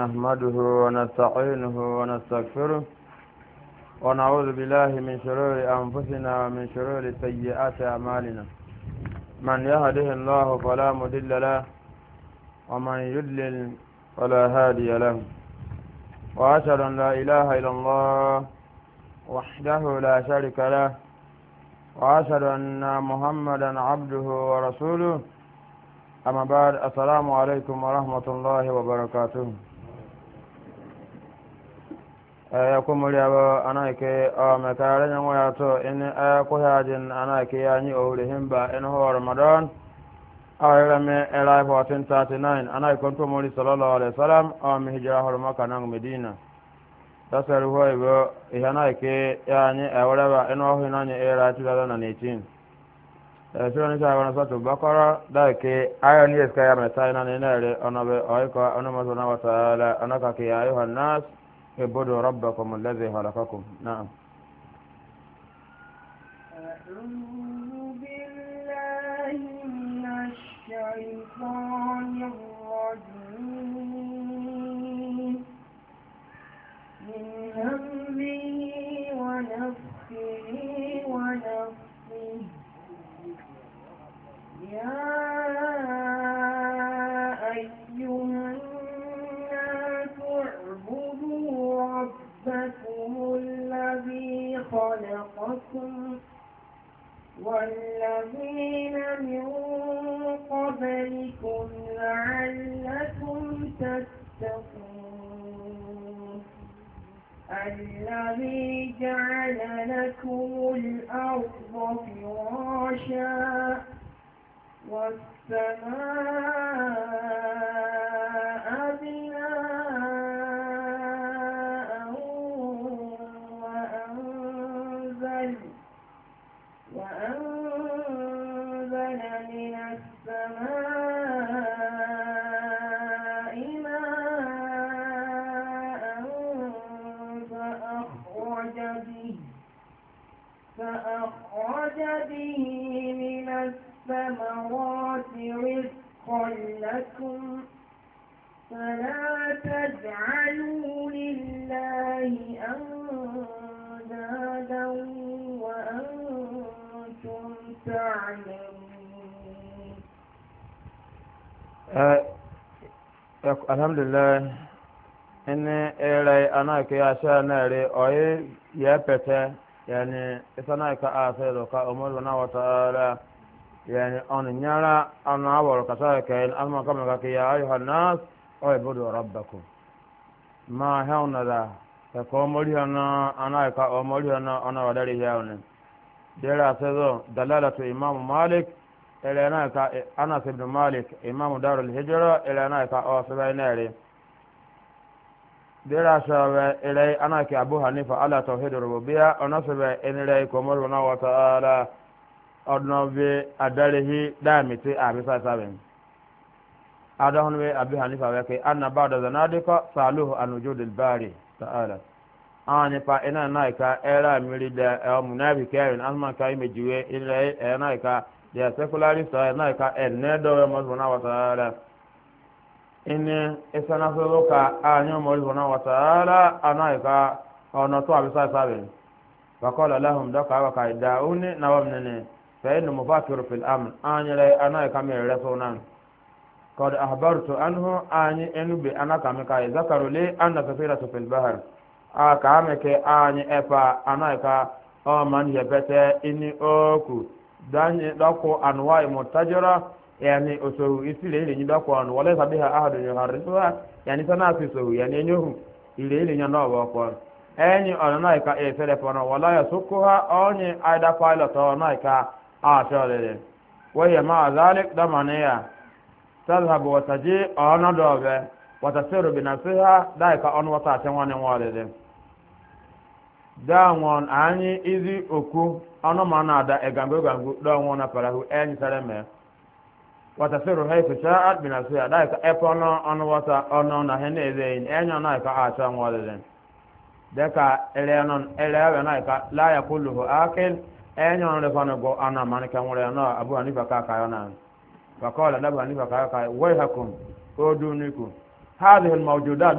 نحمده ونستعينه ونستغفره ونعوذ بالله من شرور أنفسنا ومن شرور سيئات أعمالنا من يهده الله فلا مضل له ومن يضلل فلا هادي له وأشهد أن لا إله إلا الله وحده لا شريك له وأشهد أن محمدا عبده ورسوله أما بعد السلام عليكم ورحمة الله وبركاته ya kumuri aba ana ke a makare yan waya to in a kuhajin ana ke ya ni ohurihin ba in ho ramadan a yara me era 1439 ana ke to muri sallallahu alaihi wasallam a mi hijra hor maka nan medina tasar ho ibo ihana ke ya ni awara ba in ho hina ni era 2018 eh sura ni sa wana satu bakara da ke ayo ni eska ya meta ina ni nere onabe oiko onoma zona wa taala anaka ke ya ayuha اعبدوا ربكم الذي خلقكم نعم أعوذ بالله من الشيطان الرجيم من همه ونفسه ونفسه يا خلقكم والذين من قبلكم لعلكم تتقون الذي جعل لكم الأرض فراشا والسماء أخرج به من الثمرات رزقا لكم فلا تجعلوا لله أندادا وأنتم تعلمون أه، الحمد لله إن إلي أنا كي أشاء ناري يا بيتا yani isana ka asero ka umar na wa ta'ala yani on nyara an awar ka sa ka in alma kama ka ya ayuha nas o ibudu rabbakum ma hauna da ka ko mori hana ana ka o mori hana ana wadari yaune dera sezo dalalatu imam malik ele na ka anas ibn malik imam darul hijra ele na ka o sabainare dera sabe ilai ana ke abu hanifa ala tauhid rububiyya ona sabe inilai komar wana wa ta'ala odno be adarihi damiti abisa saben adahun be abu hanifa wa ke anna ba'da zanadika saluhu an wujudil bari ta'ala ani pa ina naika era miri da el munafiki erin asma kai mejiwe ilai naika the secularist naika enedo wa ta'ala ene esana so ka anyo mo na bona wataala ana ka ona to abisa sabe wa lahum da ka ịda dauni na wa mnene fa in mufakir fil ana ka mere re so nan qad anhu anyi enu ana ka ka zakaru le kafira fil a ka ke anyi ka ini oku danyi yani osohu isile ile nyida kwano wala sabiha ahadu yuharisuha yani sana sohu yani enyohu ile ile nyanda wa kwano enyi ona ka e fere pono wala yasukuha onye aida kwalo to na ka a tolele ya ma zalik ona dobe wata dawon anyi izi oku ono ada e, na parahu enyi watasiru haifu sha'ad min asiya da ka epo no on wata ono na hene zein enyo na ka acha ngwalelen de ka elenon elewe na ka la yakuluhu akil enyo le fano go ana man ka ngure no abu anifa ka ka yona fa qala labu anifa ka ka wayhakum oduniku hadhihi almawjudat